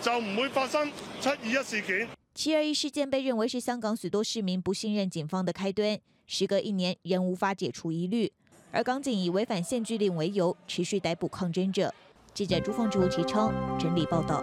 就唔會發生七二一事件。七二一事件被認為是香港許多市民不信任警方的開端。時隔一年，仍無法解除疑慮。而港警以違反限聚令為由，持續逮捕抗爭者。記者朱鳳枝、胡提昌整理報道。